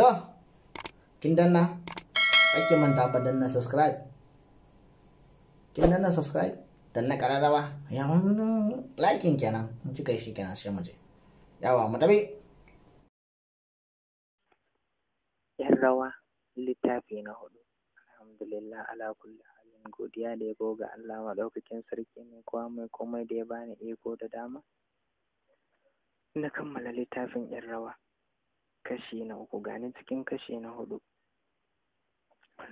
to kin danna ake manta ba danna subscribe kin danna subscribe danna kararrawa ya likin kenan in kika shi kenan sai mu je yawa mu tabi yan rawa littafi na hudu alhamdulillah ala kulli halin godiya da yabo ga Allah madaukakin sarki mai kowa mai komai da ya bani iko da dama na kammala littafin yan rawa kashi na uku gani cikin kashi na hudu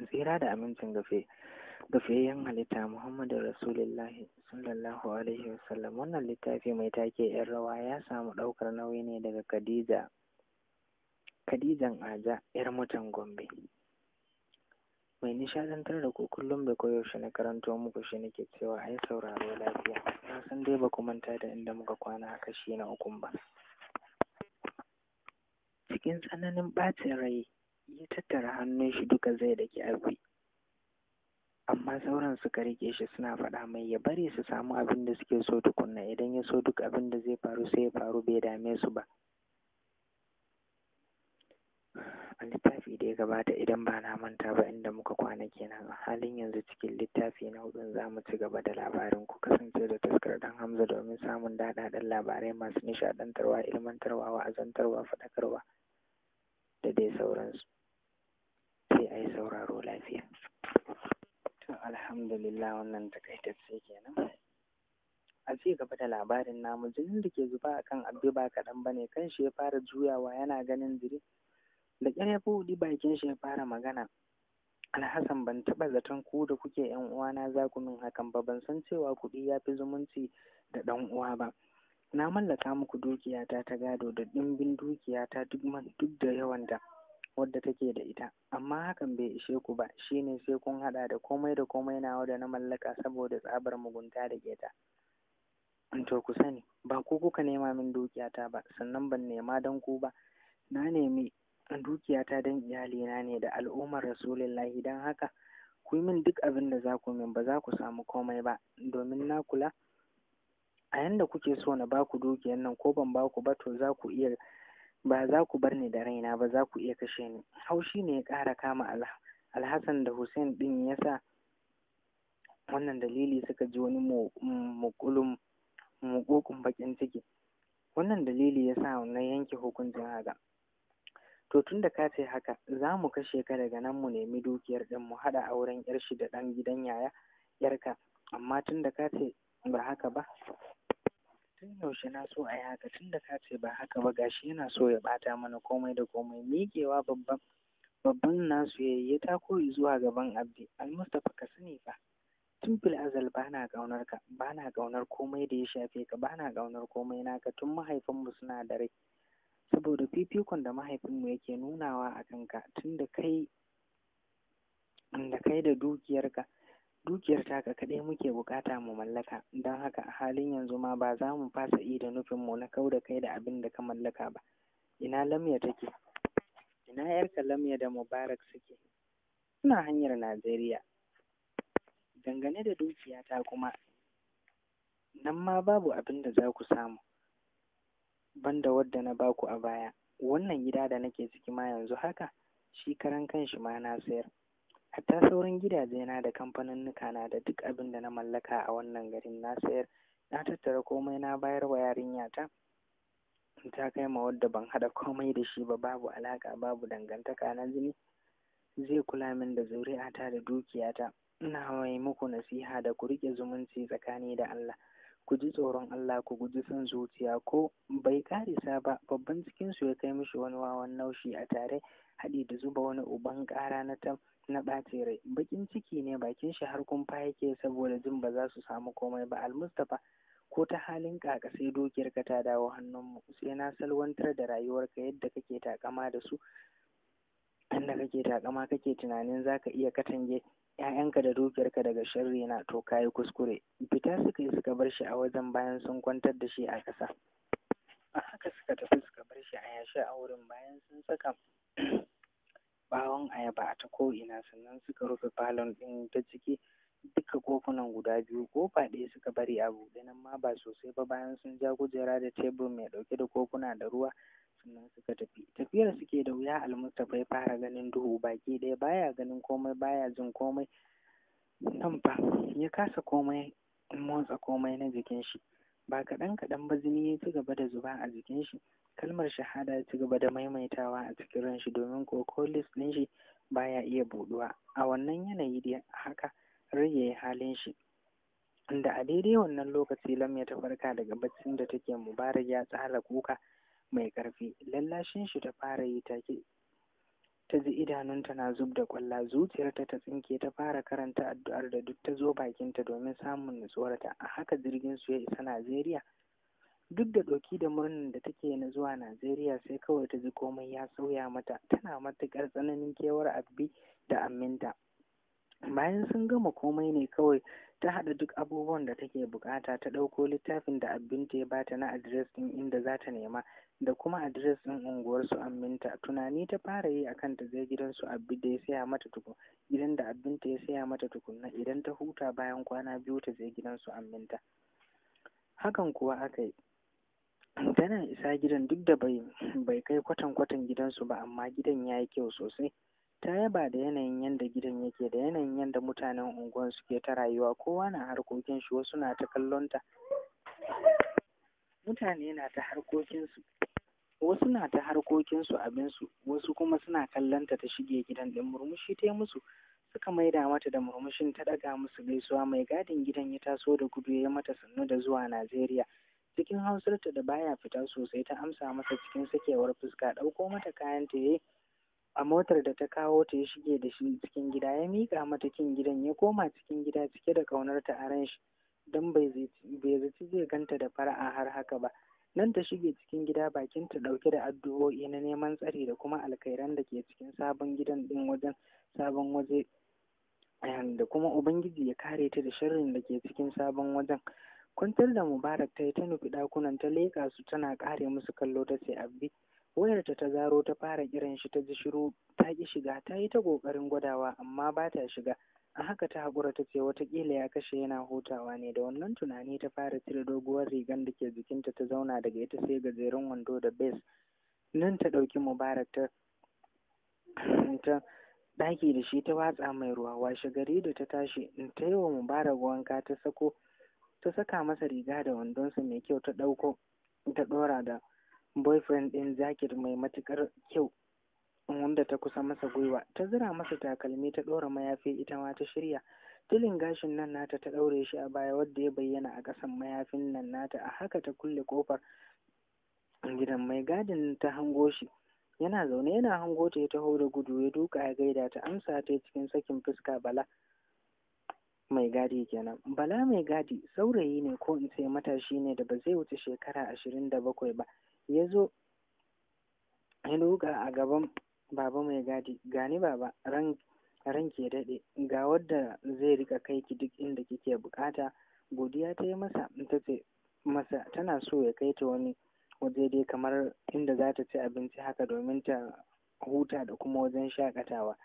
tsira da amincin gafe gafiyayyen halitta muhammadu rasulillahi sallallahu alaihi wasallam wannan littafi mai take yan rawa ya samu ɗaukar nauyi ne daga khadija khadijan aja yar mutan gombe mai nishadantar da ku kullum da koyaushe na karanto muku shi nake cewa ai sauraro lafiya na san dai ba ku manta da inda muka kwana a kashi na ukun ba cikin tsananin ɓacin rai ya tattara hannun shi duka zai da abu amma sauran suka rike shi suna faɗa mai ya bari su samu abin da suke so tukunna idan ya so duk abin da zai faru sai ya faru bai dame su ba a littafi da ya gabata idan ba na manta ba inda muka kwana kenan halin yanzu cikin littafi na hudun za mu ci gaba da labarin ku kasance da taskar dan hamza domin samun daɗaɗɗen labarai masu nishaɗantarwa ilmantarwa wa'azantarwa faɗakarwa da dai sauransu sai a yi sauraro lafiya to alhamdulillah wannan takaitacce kenan a ci gaba da labarin namu jinin da ke zuba a kan abu ba kaɗan ba ne kan shi ya fara juyawa yana ganin jiri da ƙyar ya buɗi bakin shi ya fara magana alhassan ban taɓa zaton ku da kuke yan uwana za ku min hakan ba ban san cewa kuɗi ya fi zumunci da ɗan uwa ba na mallaka muku dukiyata ta gado da ɗimbin dukiyata duk duk da da wadda take da ita amma hakan bai ishe ku ba shine sai kun haɗa da komai da komai nawa da na mallaka saboda tsabar mugunta da In to ku sani ba ku kuka nema min dukiyata ba sannan ban nema dan ku ba na nemi dukiyata don iyalina ne da al'ummar rasulillahi don haka ku yi min duk abin da za ku min ba za ku samu komai ba domin na kula a yanda kuke so na baku dukiyan nan ko ban baku ba to za ku iya ba za ku bar ni da raina ba za ku iya kashe ni haushi ne ya ƙara kama alhassan da hussein ɗin ya sa wannan dalili suka ji wani mukulun bakin ciki wannan dalili ya sa na yanke hukuncin haka to tun da ka ce haka za mu kashe ka daga nan mu nemi dukiyar ɗin mu haɗa auren yar shi da ɗan gidan yaya yarka amma tun da ka ce ba haka ba tun yaushe na so a yi haka tun da ka ce ba haka ba gashi yana so ya ɓata mana komai da komai miƙewa babban babban nasu yayi ya tako zuwa gaban abdi almustapha ka sani fa tun fil azal ba na ƙaunar ka ba na ƙaunar komai da ya shafe ka ba na ƙaunar komai naka tun mahaifinmu suna da rai saboda fifikon da mahaifin mu yake nunawa a kanka tun da kai da kai da dukiyarka dukiyar taka kaɗai muke bukata mu mallaka don haka a halin yanzu ma ba za mu fasa iya da nufinmu na kau da kai da abin da ka mallaka ba ina lamya take ina yarka lamya da mubarak suke suna hanyar najeriya dangane da dukiyata kuma nan ma babu abin da za ku samu banda wadda na baku a baya wannan gida da nake ciki ma yanzu haka shi karan kanshi ma na sayar hatta sauran na da kamfanunnuka na da duk abin da na mallaka a wannan garin na sayar na tattara komai na bayar wa yarinya ta ta kai ma wadda ban haɗa komai da shi ba babu alaka babu dangantaka na jini zai kula min da zuri'ata da dukiyata ina mai muku nasiha da ku rike zumunci tsakani da Allah ku ji tsoron Allah ku guji son zuciya ko bai karisa ba babban cikin su ya kai mishi wani wawan naushi a tare haɗi da zuba wani uban ƙara na tam na ɓacin rai bakin ciki ne bakin shi har kumfa yake saboda jin ba za su samu komai ba almustapha ko ta halin kaka sai dokiyar ta dawo hannunmu sai na salwantar da rayuwarka yadda kake takama da su inda kake takama kake tunanin za ka iya katange ‘ya'yanka da dukiyarka daga sharri na to kayi kuskure fita suka yi suka bar shi a wajen bayan sun kwantar da shi a ƙasa a haka suka tafi suka bar shi a yashi a wurin bayan sun saka ɓawon ayaba a ta kow-ina, sannan suka rufe falon ɗin ta ciki duka kofunan guda biyu kofa ɗaya suka bari a buɗe nan ma ba sosai ba bayan sun ja kujera da tebur mai ɗauke da kofuna da ruwa sannan suka tafi tafiyar suke da wuya almustapha ya fara ganin duhu baki ɗaya baya ganin komai baya jin komai nan fa ya kasa komai motsa komai na jikin shi ba kaɗan kaɗan ba jini ya ci gaba da zuba a jikin shi kalmar shahada ya ci gaba da maimaitawa a cikin ranshi domin ko ɗin shi baya iya buɗuwa a wannan yanayi dai haka rage ya halin shi da a daidai wannan lokaci lamya ta farka daga baccin da take mubarak ya tsara kuka mai ƙarfi lallashin shi ta fara yi take ta ji idanunta na zub da kwalla zuciyarta ta tsinke ta fara karanta addu'ar da duk ta zo bakinta domin samun nutsuwarta a haka jirgin su ya isa najeriya duk da ɗauki da murnin da take na zuwa najeriya sai kawai ta ji komai ya sauya mata tana matuƙar tsananin kewar abbi da aminta bayan sun gama komai ne kawai ta haɗa duk abubuwan da take bukata ta ɗauko littafin da abinta ya bata na adres ɗin inda za ta nema da kuma adres ɗin unguwarsu aminta tunani ta fara yi akan ta zai gidan su abbi da ya saya mata tukun gidan da abinta ya saya mata tukunna idan ta huta bayan kwana biyu ta zai gidan su aminta hakan kuwa aka yi Tana isa gidan duk da bai kai kwatan kwatan gidansu ba amma gidan ya yi kyau sosai. Ta yaba da yanayin yadda gidan yake da yanayin yadda mutanen unguwar suke ta rayuwa kowa na harkokin shi wasu na ta kallon Mutane na ta harkokinsu wasu na ta abin abinsu wasu kuma suna kallonta ta shige gidan din murmushi ta musu suka maida mata da murmushin ta ɗaga musu gaisuwa mai gadin gidan ya taso da gudu ya mata sannu da zuwa Najeriya. cikin hausarta da baya fita sosai ta amsa masa cikin sakewar fuska ɗauko mata kayanta ta yayi a motar da ta kawo ta ya shige da shi cikin gida ya mika mata kin gidan ya koma cikin gida cike da ƙaunarta a ran shi don bai zaci zai ganta da fara'a har haka ba nan ta shige cikin gida bakin ta ɗauke da addu'o'i na neman tsari da kuma alkairan da ke cikin sabon gidan ɗin wajen sabon waje eh, da kuma ubangiji ya kare ta da sharrin da ke cikin sabon wajen kwantar da mubarak ta yi ta nufi ɗakunan ta leƙa su tana ƙare musu kallo ta sai abbi wayarta ta zaro ta fara kiran shi ta ji shiru ta ki shiga ta yi ta ƙoƙarin gwadawa amma ba ta shiga a haka ta haƙura ta ce watakila ya kashe yana hutawa ne da wannan tunani ta fara cire doguwar rigan da ke jikinta ta zauna daga ita sai gajeren wando da bes nan ta ɗauki mubarak ta ta ɗaki da shi ta watsa mai ruwa washe gari da ta tashi ta yi wa mubarak wanka ta sako ta saka masa riga da wandonsa mai kyau ta ɗauko ta ɗora da boyfriend ɗin zakir mai matuƙar kyau wanda ta kusa masa gwiwa ta zira masa takalmi ta ɗora mayafi ita ma ta shirya tilin gashin nan nata ta ɗaure shi a baya wadda ya bayyana a ƙasan mayafin nan nata a haka ta kulle kofar gidan mai gadin ta hango shi yana zaune yana hango ta ya taho da gudu ya duka ya gaida ta amsa ta cikin sakin fuska bala mai gadi kenan bala mai gadi saurayi ne ko in ce matashi ne da ba zai wuce shekara ashirin da bakwai ba ya zo ya duka a gaban baba mai gadi gani baba ran ran ke daɗe ga wadda zai rika kai ki duk inda kike bukata godiya ta yi masa ta ce masa tana so ya kai ta wani waje dai kamar inda za ta ci abinci haka domin ta huta da kuma wajen shakatawa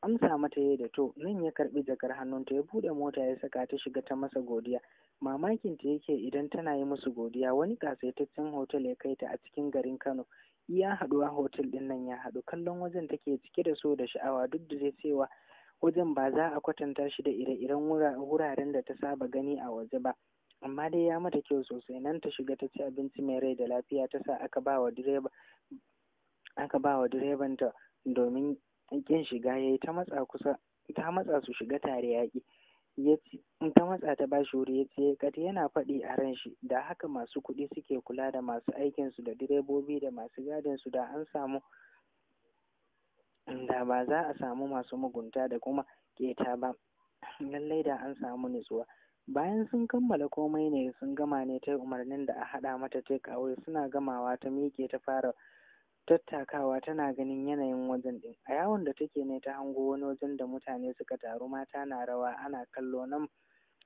amsa mata yayi da to nan ya karbi jakar hannunta ya bude mota ya saka ta shiga ta masa godiya mamakin ta yake idan tana yi musu godiya wani kasaitaccen hotel ya kai ta a cikin garin Kano iya haduwa hotel din nan ya hadu kallon wajen take cike da so da sha'awa duk da zai cewa wajen ba za a kwatanta shi da ire-iren wuraren da ta saba gani a waje ba amma dai ya mata kyau sosai nan ta shiga ta ci abinci mai rai da lafiya ta sa aka ba wa aka ba wa direban ta domin ƙin shiga ya yi ta matsa kusa ta matsa su shiga tare yaƙi ya ta matsa ta bashi wuri ya ce kat yana faɗi a ran shi da haka masu kuɗi suke kula da masu aikinsu da direbobi da masu su da an samu da ba za a samu masu mugunta da kuma keta ba lallai da an samu nutsuwa bayan sun kammala komai ne sun gama ne ta umarnin da a haɗa mata take kawai, suna gamawa ta miƙe ta fara tattakawa tana ganin yanayin wajen ɗin a yawon da take ne ta hango wani wajen da mutane suka taru mata na rawa ana kallo nan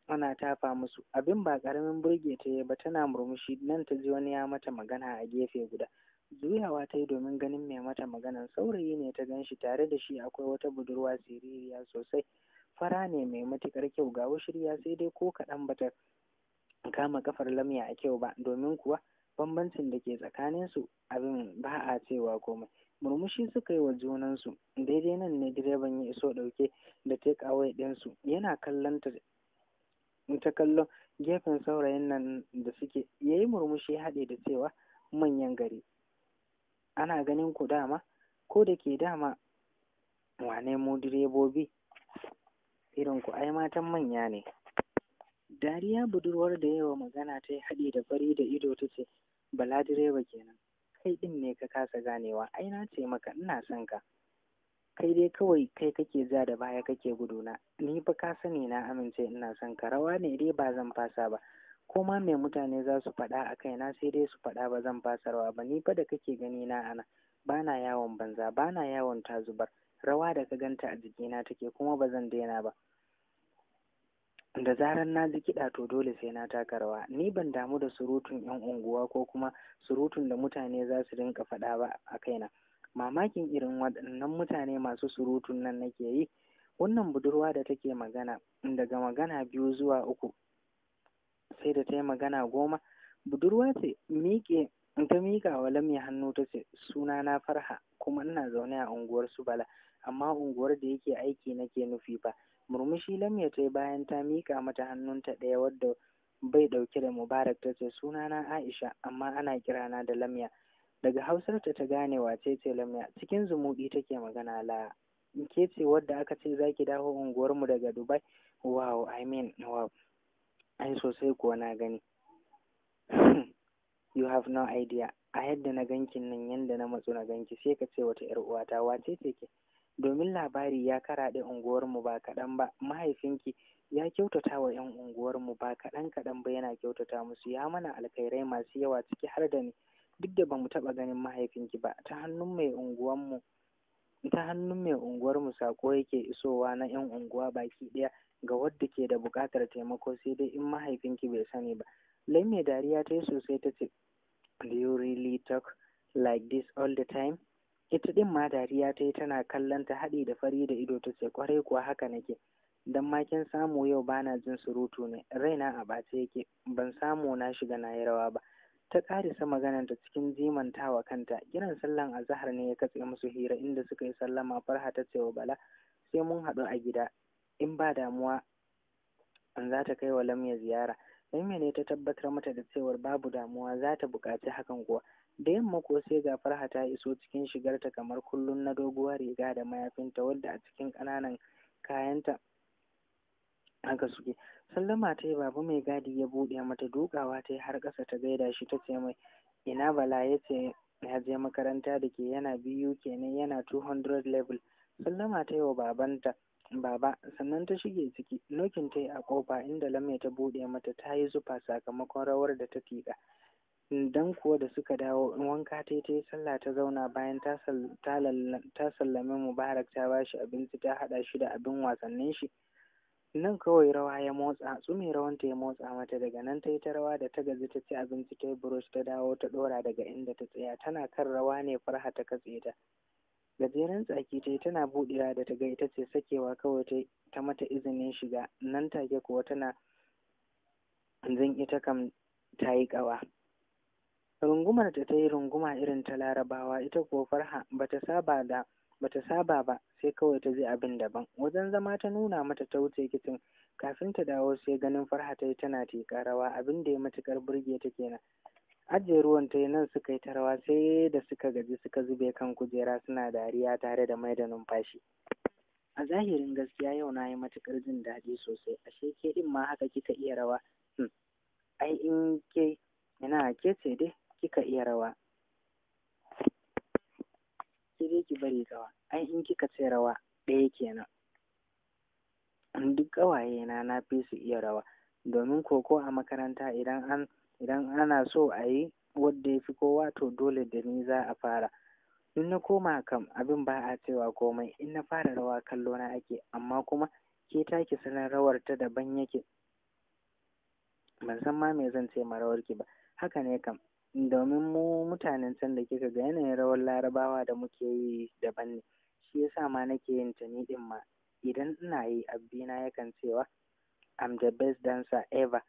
ana tafa musu abin ba ƙaramin burge ta ba tana murmushi nan ta ji wani ya mata magana a gefe guda Zuyawa ta yi domin ganin mai mata magana. saurayi ne ta ganshi tare da shi akwai wata budurwa siririya sosai fara ne mai matuƙar kyau ga shirya sai dai ko kaɗan bata kama kafar lamya a kyau ba domin kuwa bambancin da ke tsakaninsu abin ba a cewa komai murmushi suka yi wa junansu daidai nan ne direban ya iso ɗauke da take away ɗinsu yana kallon ta ta kallon gefen saurayin nan da suke ya yi murmushi haɗe da cewa manyan gari ana ganin ku dama ko da ke dama wane mu direbobi irin ku ai matan manya ne dariya budurwar da yawa magana ta yi haɗe da fari da ido ta ce Bala direba kenan kai ɗin ne ka kasa ganewa ai na ce maka ina son ka kai dai kawai kai kake ja da baya kake guduna ni fa ka sani na amince ina son ka rawa ne dai ba zan fasa ba ko ma me mutane za su faɗa a kaina sai dai su faɗa ba zan rawa ba ni fa da kake gani na ana bana yawon banza bana yawon tazubar rawa da ka ganta a jikina take kuma ba zan daina ba da zarar na ji kiɗa to dole sai na taka rawa ni ban damu da surutun yan unguwa ko kuma surutun da mutane za su rinka faɗa ba a kaina mamakin irin waɗannan mutane masu surutun nan nake yi wannan budurwa da take magana daga magana biyu zuwa uku sai da ta yi magana goma budurwa ce miƙe ta miƙa wa lamya hannu ta ce suna na farha kuma ina zaune a unguwar su bala amma unguwar da yake aiki nake nufi ba Murmushi Lamya ta bayan ta mika mata hannunta ɗaya wadda bai ɗauke da Mubarak ta ce sunana Aisha amma ana kirana da Lamya. Daga Hausarta ta gane wace ce Lamya cikin zumuɗi take magana la ke ce wadda aka ce za ki dawo mu daga Dubai wow I mean wow ai sosai kuwa na gani you have no idea a yadda na ganki nan yanda na matsu na ganki sai ka ce wata 'yar uwata wace ce ke domin labari ya karaɗe unguwarmu ba kaɗan ba mahaifinki ya kyautata wa 'yan unguwarmu ba kaɗan kaɗan ba yana kyautata musu ya mana alkhairai masu yawa ciki har da ni duk da bamu taɓa ganin mahaifinki ba ta hannun mai unguwarmu ta hannun mai unguwarmu sako yake isowa na 'yan unguwa baki ɗaya ga wadda ke da buƙatar taimako sai dai in mahaifinki bai sani ba lai mai dariya ta yi sosai ta ce do you really talk like this all the time ita din ma dariya ta yi tana kallon ta haɗi da fari da ido ta ce kwarai kuwa haka nake dan ma kin samu yau bana jin surutu ne raina a bace yake ban samu na shiga na yi rawa ba ta ƙarisa maganar ta cikin jimantawa kanta kiran sallan azahar ne ya katse musu hira inda suka yi sallama farha ta ce bala sai mun haɗu a gida in ba damuwa an za ta kai wa lamya ziyara ne ta tabbatar mata da cewar babu damuwa za ta buƙaci hakan kuwa. Da yamma ko sai ga Farha ta iso cikin shigarta kamar kullum na doguwar riga da mayafinta wadda a cikin ƙananan kayanta haka suke. Sallama ta yi babu mai gadi ya buɗe mata dukawa ta yi har ƙasa ta gaida shi ta ce mai ina bala ya ce ya je makaranta da ke yana biyu kenan yana 200 level. Sallama ta yi wa babanta Baba, sannan ta shige ciki, nokin ta yi a ƙofa inda Lamya ta buɗe mata ta yi zufa sakamakon rawar da ta tiƙa. Dan kuwa da suka dawo wanka ta ta yi sallah ta zauna bayan ta sallame Mubarak ta ba shi abinci ta haɗa shi da abin wasannin shi. Nan kawai rawa ya motsa, tsumi rawanta ya motsa mata daga nan ta yi ta rawa da ta gaji ta ci abinci ta yi burush, ta dawo ta ɗora daga inda ta tsaya tana kan rawa ne farha ta katse ta. gajeren tsaki ta yi tana buɗewa da ta ga ita ce sakewa kawai ta ta mata izinin shiga nan take kuwa tana zan ita kam ta yi ƙawa rungumar ta ta yi runguma irin ta larabawa ita kuwa farha bata saba da ta saba ba sai kawai ta ji abin daban wajen zama ta nuna mata ta wuce kicin kafin ta dawo sai ganin farha ta yi tana teka rawa abin da ya matuƙar burge ta kenan Ajiye ruwan ta nan suka yi ta rawa sai da suka gaji suka zube kan kujera suna dariya tare da mai da numfashi. A zahirin gaskiya yau na yi matuƙar jin daɗi sosai, ashe ke in ma haka kika iya rawa. Hmm. Ai in ke ina ke ce dai kika iya rawa. Ki dai ki bari gawa, ai in kika ce rawa ɗaya kenan. Duk ƙawaye na fi su iya rawa, domin koko a makaranta idan an idan ana so a yi wadda ya fi kowa to dole da ni za a fara in na koma kam abin ba a cewa komai in na fara rawa kallo na ake amma kuma ke taki sanin rawar ta daban yake ban san ma me zan ce ma rawar ki ba haka ne kam domin mu mutanen can da kika ga yanayin rawar larabawa da muke yi daban ne shi yasa ma nake yin ta ni din ma idan ina yi abbina yakan cewa I'm the best dancer ever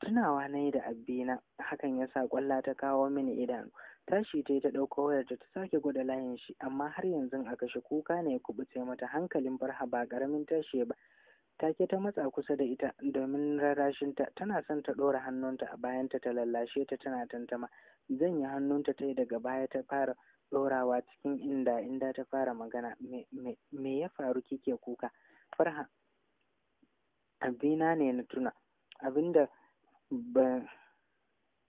tunawa na yi da abbina hakan ya sa kwalla ta kawo mini idanu tashi ta yi ta ɗauko wayar ta sake gwada layin shi amma har yanzu a kashe kuka ne ya kubuce mata hankalin farha ba karamin tashi ba take ta matsa kusa da ita domin ta. tana son ta ɗora hannunta a bayanta ta lallashe ta tana tantama Zan yi hannunta ta yi daga baya ta fara ɗorawa cikin inda inda ta fara magana me ya faru kike kuka farha abina ne na tuna abinda ba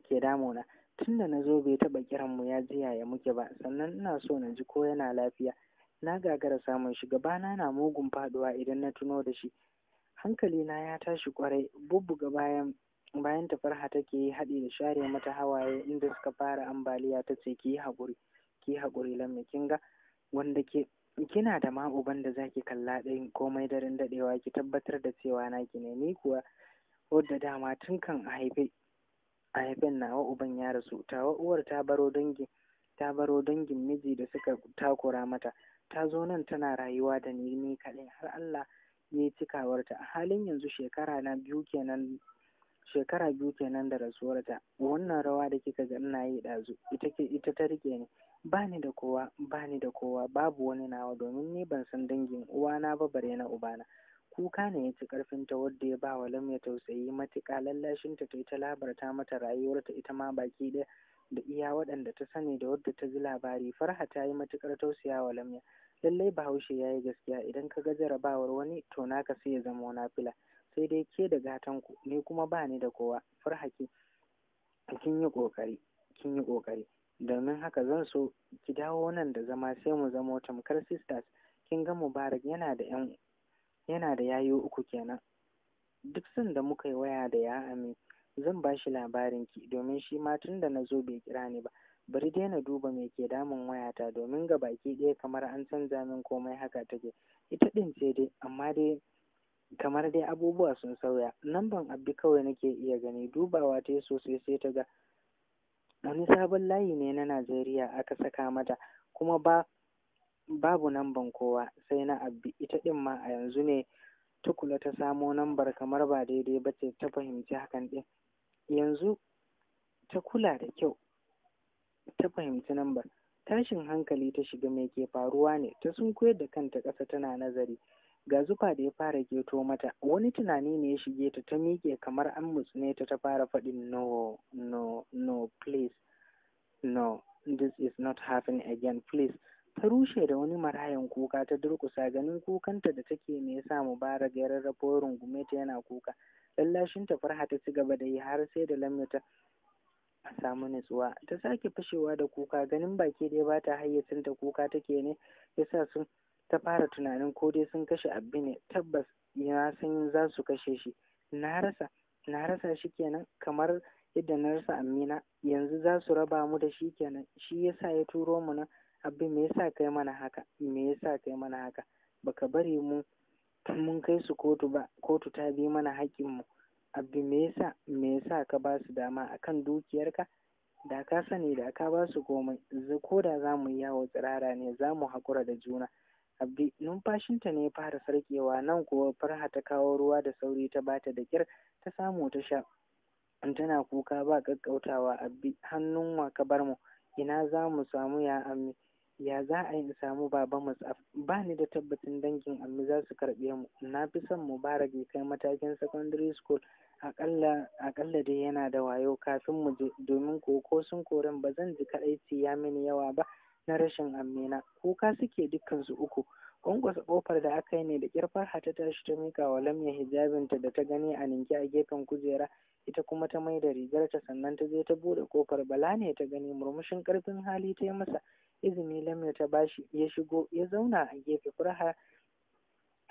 ke damuna tun da na zo bai taɓa kiran mu ya jiya ya muke ba sannan ina so na ji ko yana lafiya na gagara samun shi gabana na mugun faɗuwa, idan na tuno da shi Hankali na ya tashi kwarai bubbuga bayan bayan ta farha take yi haɗi da share mata hawaye inda suka fara ambaliya ta ce ki haƙuri ki haƙuri lamme kin ga wanda ke kina da ma uban da zaki kalla ɗin komai daren daɗewa ki tabbatar da cewa naki ne ni kuwa wadda dama tun kan a haife a haifen nawa uban ya rasu tawa uwar ta baro dangin ta baro dangin miji da suka takura mata ta zo nan tana rayuwa da ni ni kaɗai har Allah ya yi cikawarta a halin yanzu shekara na biyu kenan shekara biyu kenan da rasuwarta wannan rawa da kika ga ina yi ɗazu ita ke ita ta rike ni ba ni da kowa ba ni da kowa babu wani nawa domin ni ban san dangin uwana ba bare na ubana kuka ne ya ci ƙarfinta wadda ya ba wa lamya tausayi matuƙa lallashinta ta yi ta labarta mata rayuwarta ita ma baki ɗaya da iya waɗanda ta sani da wadda ta ji labari farha ta yi matuƙar tausaya wa lamya lallai bahaushe ya yi gaskiya idan ka ga jarabawar wani to naka sai ya zama na fila sai dai ke da gatan ku ni kuma ba ni da kowa farha ki kin yi ƙoƙari kin yi ƙoƙari domin haka zan so ki dawo nan da zama sai mu zamo tamkar sisters kin ga mubarak yana da yan yana da yayo uku kenan duk sanda muka yi waya da ya amin zan ba shi labarin ki domin shi ma tun da na zo bai kira ni ba bari dai na duba me ke damun wayata domin ga baki ɗaya kamar an canza min komai haka ta take ita ɗin ce dai amma dai kamar dai abubuwa sun sauya nan abdi kawai nake iya gani dubawa ta sosai sai ta ga wani sabon layi ne na najeriya aka saka mata kuma ba babu namban kowa sai na abbi ita din ma a yanzu ne tukula ta samo nambar kamar ba daidai ba ce ta fahimci hakan ɗin yanzu ta kula da kyau ta fahimci nambar tashin hankali ta shiga mai ke faruwa ne ta sun da kanta ƙasa tana nazari ga zufa da ya fara geto mata wani tunani ne ya shige ta ta miƙe kamar an mutsune ta ta fara faɗin no no no please no this is not happening again please ta rushe da wani marayan kuka ta durƙusa ganin kukanta da take ne yasa mubarak ya rarrafo rungume ta yana kuka lallashin ta farha ta ci gaba da yi har sai da lamya a samu nutsuwa ta sake fashewa da kuka ganin baki dai ba ta hayyacin ta kuka take ne yasa sun ta fara tunanin ko dai sun kashe abu ne tabbas ya san za su kashe shi na rasa na rasa shi kenan kamar yadda na rasa amina yanzu za su raba mu da shi kenan shi yasa ya turo mu nan abin me yasa kai mana haka me yasa kai mana haka baka bari mu mun kai su kotu ba kotu ta bi mana haƙƙin mu. abbi me yasa me yasa ka ba su dama akan dukiyarka da ka sani da ka ba su komai ko da za mu yi yawo tsirara ne za mu haƙura da juna abbi numfashinta ne ya fara sarkewa nan kuwa farha ta kawo ruwa da sauri ta bata da kyar ta samu ta sha tana kuka ba ƙaƙƙautawa abbi hannun wa ka bar mu ina za mu samu ya amince? ya za a yi in samu baba musaf ba ni da tabbacin dangin amma za su karɓe mu na fi son mubarak ya kai matakin secondary school akalla dai yana da wayo kafin mu je domin ko sun koren ba zan ji kaɗai ya mini yawa ba na rashin amina, kuka suke dukkansu uku Ƙwanƙwasa kofar da aka yi ne da kirfar hata ta tashi ta mika wa Lamya hijabinta da ta gani a ninke a gefen kujera, ita kuma ta mai maida rigarta sannan ta je ta buɗe kofar Bala ne ta gani murmushin karfin hali ta yi masa izini Lamya ta bashi ya shigo ya zauna a gefe Farha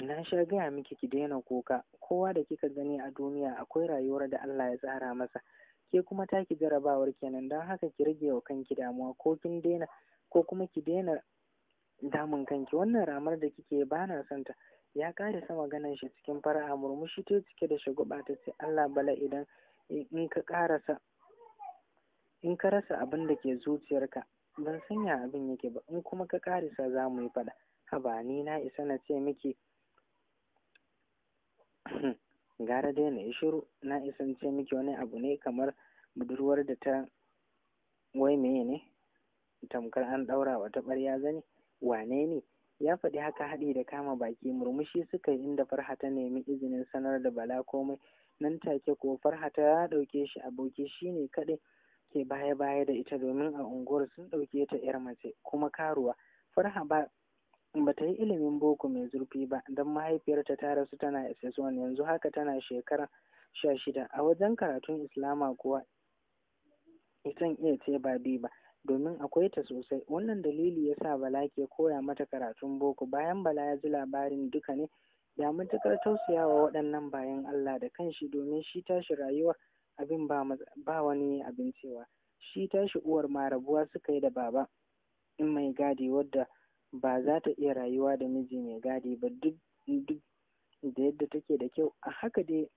na sha gaya miki ki daina kuka kowa da kika gani a duniya akwai rayuwar da Allah ya tsara masa ke kuma taki jarabawar kenan don haka ki rage wa kanki damuwa ko kin daina ko kuma ki daina damun kanki wannan ramar da kike bana santa son ta ya karasa maganar shi cikin fara'a murmushi ta cike da shaguba ta ce Allah bala idan in ka karasa in ka rasa abin da ke zuciyarka ban sanya abin yake ba in kuma ka karisa za mu yi faɗa haba ni na isa na ce miki gara dai na yi shiru na isa ce miki wani abu ne kamar budurwar da ta wai meye ne tamkar an ɗaura wa ɓarya zane. wane ne ya faɗi haka haɗi da kama baki murmushi suka yi inda farha ta nemi izinin sanar da bala komai nan take ko farha ta ɗauke shi aboki shine kaɗai ke baya-baya da ita domin a unguwar sun ɗauke ta 'yar mace kuma karuwa farha ba ta yi ilimin boko mai zurfi ba don mahaifiyarta ta rasu tana ss1 yanzu haka tana shekara sha shida a wajen karatun islama kuwa isan iya ce ba biyu ba domin akwai ta sosai wannan dalili ya sa bala ke koya mata karatun boko bayan bala ya ji labarin duka ne da matuƙar wa waɗannan bayan allah da kanshi domin shi tashi rayuwa abin ba wani abin cewa shi tashi uwar marabuwa suka yi da baba in mai gadi wadda ba za ta iya rayuwa da miji mai gadi ba duk da yadda take da kyau a haka dai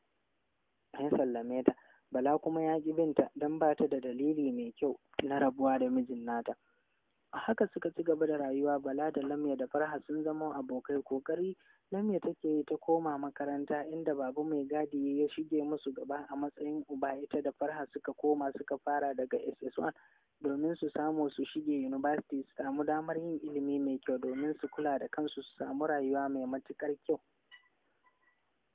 ya sallame ta Bala kuma ya ƙi binta don ba ta da dalili mai kyau na rabuwa da mijin nata. A haka suka ci gaba da rayuwa Bala da Lamya da Farha sun zama abokai kokari Lamya take yi ta koma makaranta inda babu mai gadi ya shige musu gaba a matsayin uba ita da Farha suka koma suka fara daga SS1 domin su samu su shige university su samu damar yin ilimi mai kyau domin su kula da kansu su samu rayuwa mai matuƙar kyau.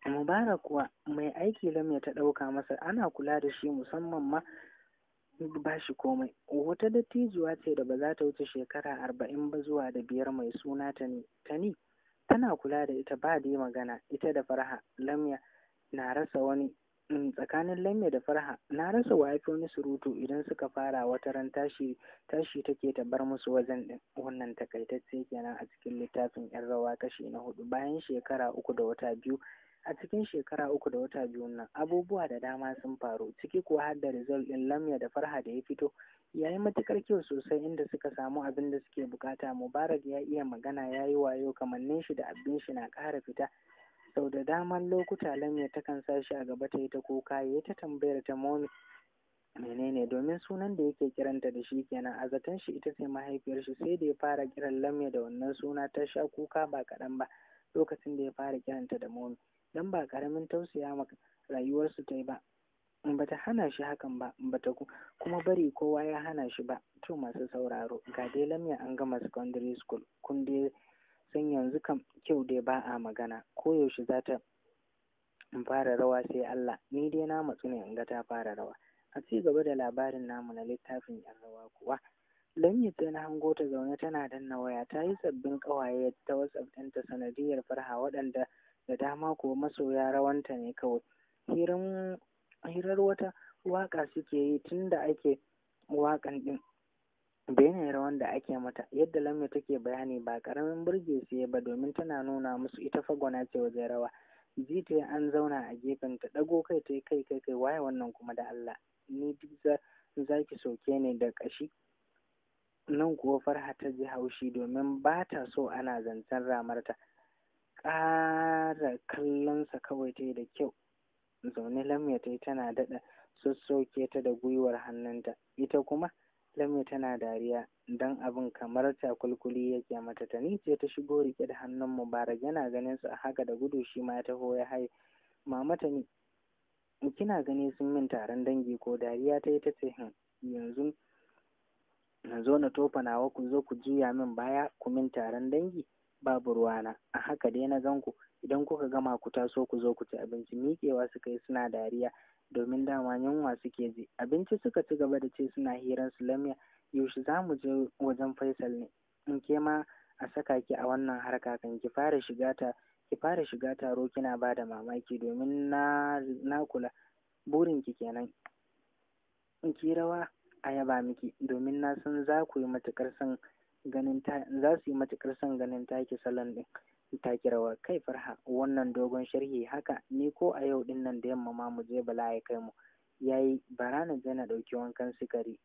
mubarak kuwa mai aiki lamya ta ɗauka masa ana kula da shi musamman ma ba shi komai wata dattijuwa ce da ba za ta wuce shekara arba'in ba zuwa da biyar mai suna tani tani tana kula da ita ba yi magana ita da farha lamya na rasa wani mm, tsakanin lamya da farha na rasa wafi wani surutu idan suka fara wata ran tashi tashi take ta bar musu wajen din wannan takaitacce kenan a cikin littafin yan rawa kashi na hudu bayan shekara uku da wata biyu A cikin shekara uku da wata biyu nan, abubuwa da dama sun faru, ciki kuwa har da result ɗin Lamya da Farha da ya fito. Ya yi matuƙar kyau sosai inda suka samu abin da suke buƙata. Mubarak ya iya magana ya yi wayo kamannin shi da abin shi na ƙara fita. Sau da daman lokuta Lamya takan sa shi a gaba ta yi ta kuka ya ta tambayar ta momi menene domin sunan da yake kiranta da shi kenan a zaton shi ita ce mahaifiyar shi sai da ya fara kiran Lamya da wannan suna ta sha kuka ba kaɗan ba lokacin da ya fara kiranta da momi. don ba ƙaramin tausaya ma rayuwarsu ta yi ba ba ta hana shi hakan ba ba ta kuma bari kowa ya hana shi ba to masu sauraro ga dai lamya an gama secondary school kun dai san yanzu kam kyau dai ba a magana koyaushe za ta fara rawa sai Allah ni dai na matsu ne in ga ta fara rawa a ci gaba da labarin namu na littafin yan rawa kuwa Lanyar ta na hango ta zaune tana danna waya ta yi sabbin ƙawaye ta WhatsApp ɗinta sanadiyar farha waɗanda da dama kuwa masoya rawanta ne kawai hirar wata waka suke yi tun da ake waƙan ɗin bene rawan da ake mata yadda lamya take bayani ba karamin burge su ba domin tana nuna musu ita fagona ce wajen rawa jita an zauna a gefen ta ɗago kai ta kai kai kai waye wannan kuma da Allah ni duk za ki soke ne da ƙashi nan kuwa farha ta ji haushi domin ba ta so ana zancen ramarta ƙara kallonsa kawai ta da kyau zaune lamya ta tana daɗa sassauke ta da gwiwar hannunta ita kuma lamya tana dariya don abin kamar takulkuli yake mata ta ce ta shigo rike da hannun mubarak yana ganin su a haka da gudu shi ma ta hoya haye mama ta ne kina gani sun min taron dangi ko dariya ta yi ta ce hmm, yanzu na zo na tofa nawa ku zo ku juya min baya ku min taron dangi babu ruwana a haka dai na ganku idan kuka gama ku taso ku zo ku ci abinci miƙewa suka yi suna dariya domin dama yunwa suke ji abinci suka ci gaba da ce suna hirar su lamya yaushe za mu je wajen faisal ne in ke ma a saka ki a wannan harka kan ki fara shiga ta ki fara shiga taro kina ba da mamaki domin na na kula burin ki kenan in ki rawa a yaba miki domin na san za ku yi matukar son ganin ta za su yi matuƙar son ganin take salon ɗin take rawa kai farha wannan dogon sharhi haka ni ko a yau ɗin nan da yamma ma mu je bala ya kai mu yayi bara na je na ɗauki wankan sikari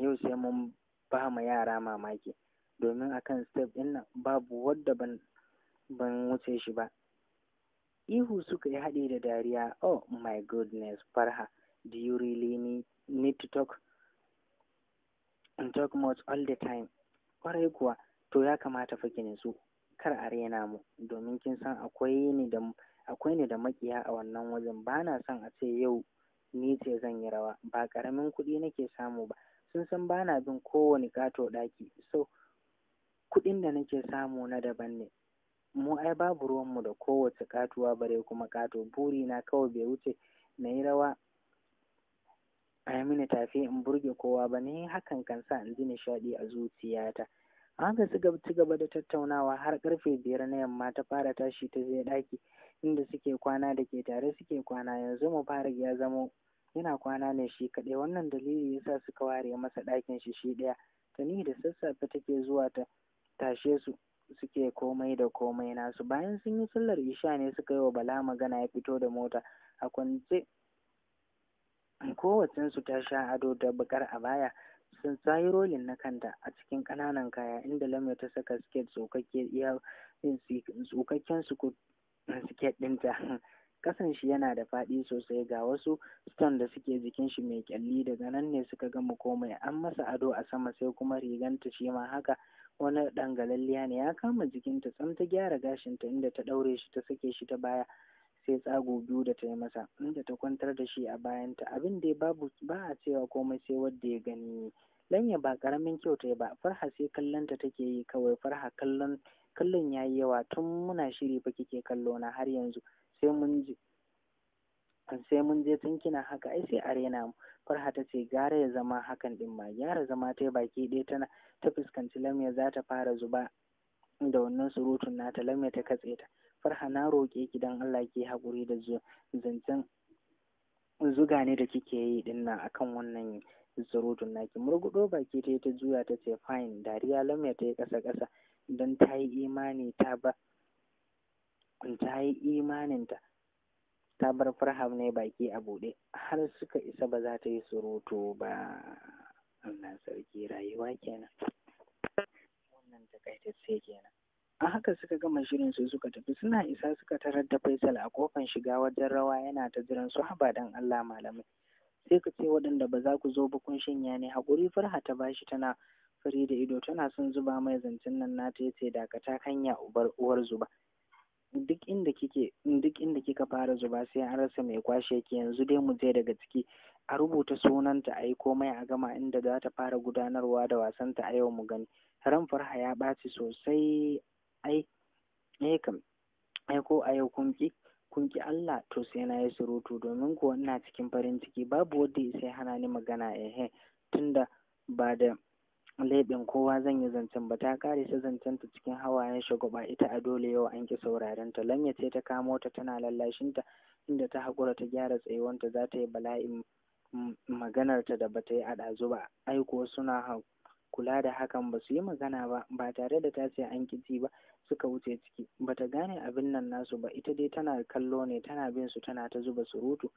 yau sai mun ba ma yara mamaki domin akan step ɗin nan babu wadda ban ban wuce shi ba ihu suka yi haɗi da dariya oh my goodness farha do you really need, need to talk and talk much all the time Kwarai kuwa, to ya kamata fa ki nutsu, kar a rena mu, domin kin san akwai ni da akwai maƙiya a wannan wajen. Ba na son a ce yau ni ce zan yi rawa, ba ƙaramin kuɗi nake samu ba. Sun san ba na bin kowane ƙato ɗaki, so kuɗin da nake samu na daban ne. Mu ai babu ruwanmu da kowace ƙatuwa bare kuma ƙato. Burina kawai bai wuce na yi rawa Aminu tafi in burge kowa ba ne hakan kan sa in ji nishaɗi a zuciyata. haka suka ci gaba da tattaunawa har karfe biyar na yamma ta fara tashi ta je ɗaki inda suke kwana da ke tare suke kwana yanzu fara ya zamo yana kwana ne shi kaɗai wannan dalili yasa suka ware masa ɗakin shi shi ɗaya tuni da sassafe take zuwa ta tashe su suke komai da komai nasu bayan sun yi sallar isha ne suka yi wa bala magana ya fito da mota a kwance Kowacensu ta sha ado da a baya sun yi rolin na kanta a cikin ƙananan kaya inda lamai ta saka siket tsokakken siket ɗinta. Kasan shi yana da faɗi sosai ga wasu stone da suke jikin shi mai kyalli daga nan ne suka gama komai an masa ado a sama sai kuma riganta shi ma haka wani galalliya ne ya kama jikinta tsam ta gyara gashinta inda ta ɗaure shi ta sake shi ta baya sai tsago biyu da ta yi masa inda ta kwantar da shi a bayanta abin dai babu ba a cewa komai sai wanda ya gani ne lanya ba karamin kyau ta yi ba farha sai kallonta take yi kawai farha kallon kallon ya yi yawa tun muna shiri fa kike kallo na har yanzu sai mun je sai mun je tun kina haka ai sai arena mu farha ta ce gara ya zama hakan ɗin ma gyara zama ta yi baki ɗaya tana ta fuskanci lamya za ta fara zuba da wannan surutun nata lamya ta katse ta farha na roƙe ki don Allah ki haƙuri da zancen zuga ne da kike yi din nan akan wannan surutun naki murgudo baki ta ta juya ta ce fine dariya lamya ta yi ƙasa ƙasa don ta yi imani ta ba ta yi imaninta ta bar farha ne baki a buɗe har suka isa ba za ta yi surutu ba Allah sarki rayuwa kenan wannan takaitacce kenan a haka suka gama shirin su suka tafi suna isa suka tarar da faisal a kofan shiga wajen rawa yana ta jiran su haba dan allah malamai sai ka ce waɗanda ba za ku zo ba kun shinya ne haƙuri farha ta bashi tana fari da ido tana son zuba mai zancen nan na ta yace dakata hanya ubar uwar zuba duk inda kike duk inda kika fara zuba sai an rasa mai kwashe ki yanzu dai mu je daga ciki a rubuta sunanta a yi komai a gama inda za ta fara gudanarwa da wasanta a yau mu gani ran farha ya ɓaci sosai ai eh kam ai ko a yau kun ki Allah to sai na yi surutu domin kuwa ina cikin farin ciki babu wanda ya sai hana ni magana ehe tunda ba da laifin kowa zan yi zancen ba ta kare ta zancen ta cikin hawayen shugaba ita a dole yau an ki sauraren ta lamya ce ta kamo ta tana lallashin ta inda ta haƙura ta gyara tsayuwanta za ta yi bala'in maganar ta da bata yi a ɗazu ba ai kuwa suna kula da hakan ba su yi magana ba ba tare da ta ce an kiti ba suka wuce ciki Ba ta gane abin nan nasu ba ita dai tana kallo ne tana bin su tana ta zuba surutu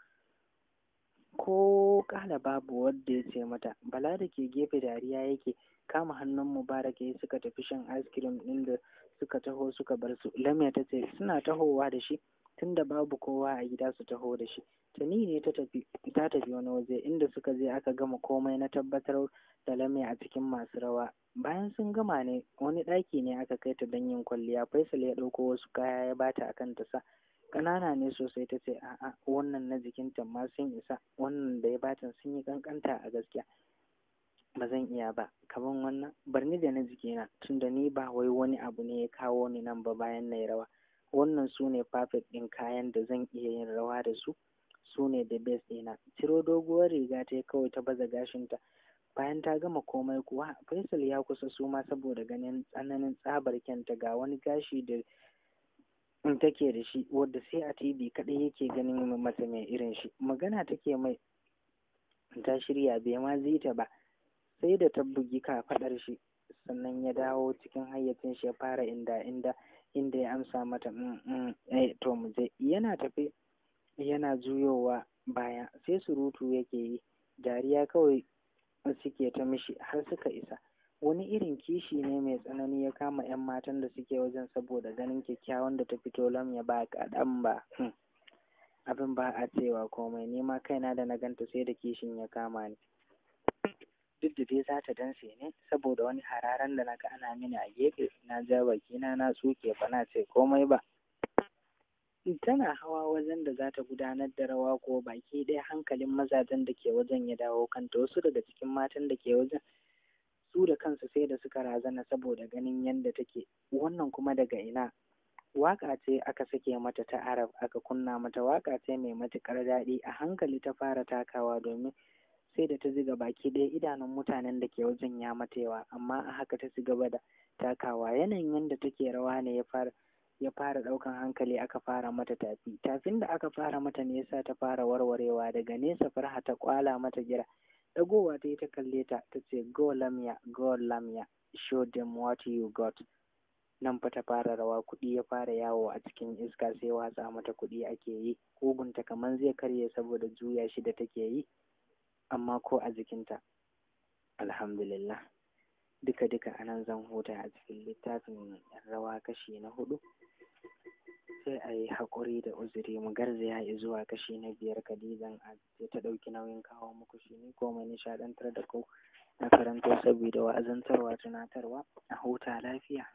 ko kala babu wadda ya ce mata bala da ke gefe dariya yake kama hannun mubarak ya suka tafi shan ice cream din da suka taho suka bar su lamya ta ce suna tahowa da shi tunda babu kowa a gida su taho da shi tuni ne ta tafi ta tafi wani waje inda suka je aka gama komai na tabbatar da lamai a cikin masu rawa bayan sun gama ne wani ɗaki ne aka kai ta don yin kwalliya faisal ya ɗauko wasu kaya ya bata akan ta sa ƙanana ne sosai ta ce a'a wannan na jikinta ma sun isa wannan da ya bata sun yi ƙanƙanta a gaskiya ba zan iya ba kaman wannan bar da na jikina tunda ni ba wai wani abu ne ya kawo ni nan ba bayan na rawa wannan su ne perfect ɗin kayan da zan iya yin rawa da su su ne the best ɗina ciro doguwar riga ta kawai ta baza gashinta bayan ta gama komai kuwa faisal ya kusa su ma saboda ganin tsananin tsabar kyanta ga wani gashi da in take da shi wadda sai a tv kaɗai yake ganin mata mai irin shi magana take mai ta shirya bai ma ta ba sai da ta bugi kafaɗar shi sannan ya dawo cikin hayyacin shi ya fara inda inda inda ya amsa mata mm, mm eh to mu je yana tafe yana juyowa baya sai surutu yake yi dariya kawai suke ta mishi har suka isa wani irin kishi ne mai tsanani ya kama 'yan matan da suke wajen saboda ganin kyakkyawan da ta fito lamya ba kaɗan ba hmm. abin ba a cewa komai ma kaina da na ganta sai da kishin ya kama ni duk da dai za ta danse ne saboda wani hararan da naga ana mini a gefe na ja bakina na tsuke ba na ce komai ba tana hawa wajen da za ta gudanar da rawa ko baki ɗaya hankalin mazajen da ke wajen ya dawo kanta wasu daga cikin matan da ke wajen su da kansu sai da suka razana saboda ganin yadda take wannan kuma daga ina waka ce aka sake mata ta arab aka kunna mata waka ce mai matuƙar daɗi a hankali ta fara takawa domin sai da ta ziga baki ɗaya idanun mutanen da ke wajen ya mata yawa amma a haka ta ci gaba da takawa yanayin yadda take rawa ne ya fara ya fara ɗaukan hankali aka fara mata tafi tafin da aka fara mata ne yasa ta fara warwarewa daga nesa farha ta kwala mata gira Dagowa ta yi ta kalle ta ta ce go lamya go lamya show them what you got nan fa ta fara rawa kuɗi ya fara yawo a cikin iska sai watsa mata kuɗi ake yi kugunta kamar zai karye saboda juya shi da take yi amma ko a jikinta alhamdulillah duka duka a nan zan huta a cikin littafin rawa kashi na hudu sai a yi haƙuri da uzuri mu garzaya zuwa kashi na biyar kadijan a ta ɗauki nauyin kawo muku shi ni ko mai nishaɗantar da ku na karanto saboda wa'azantarwa tunatarwa a huta lafiya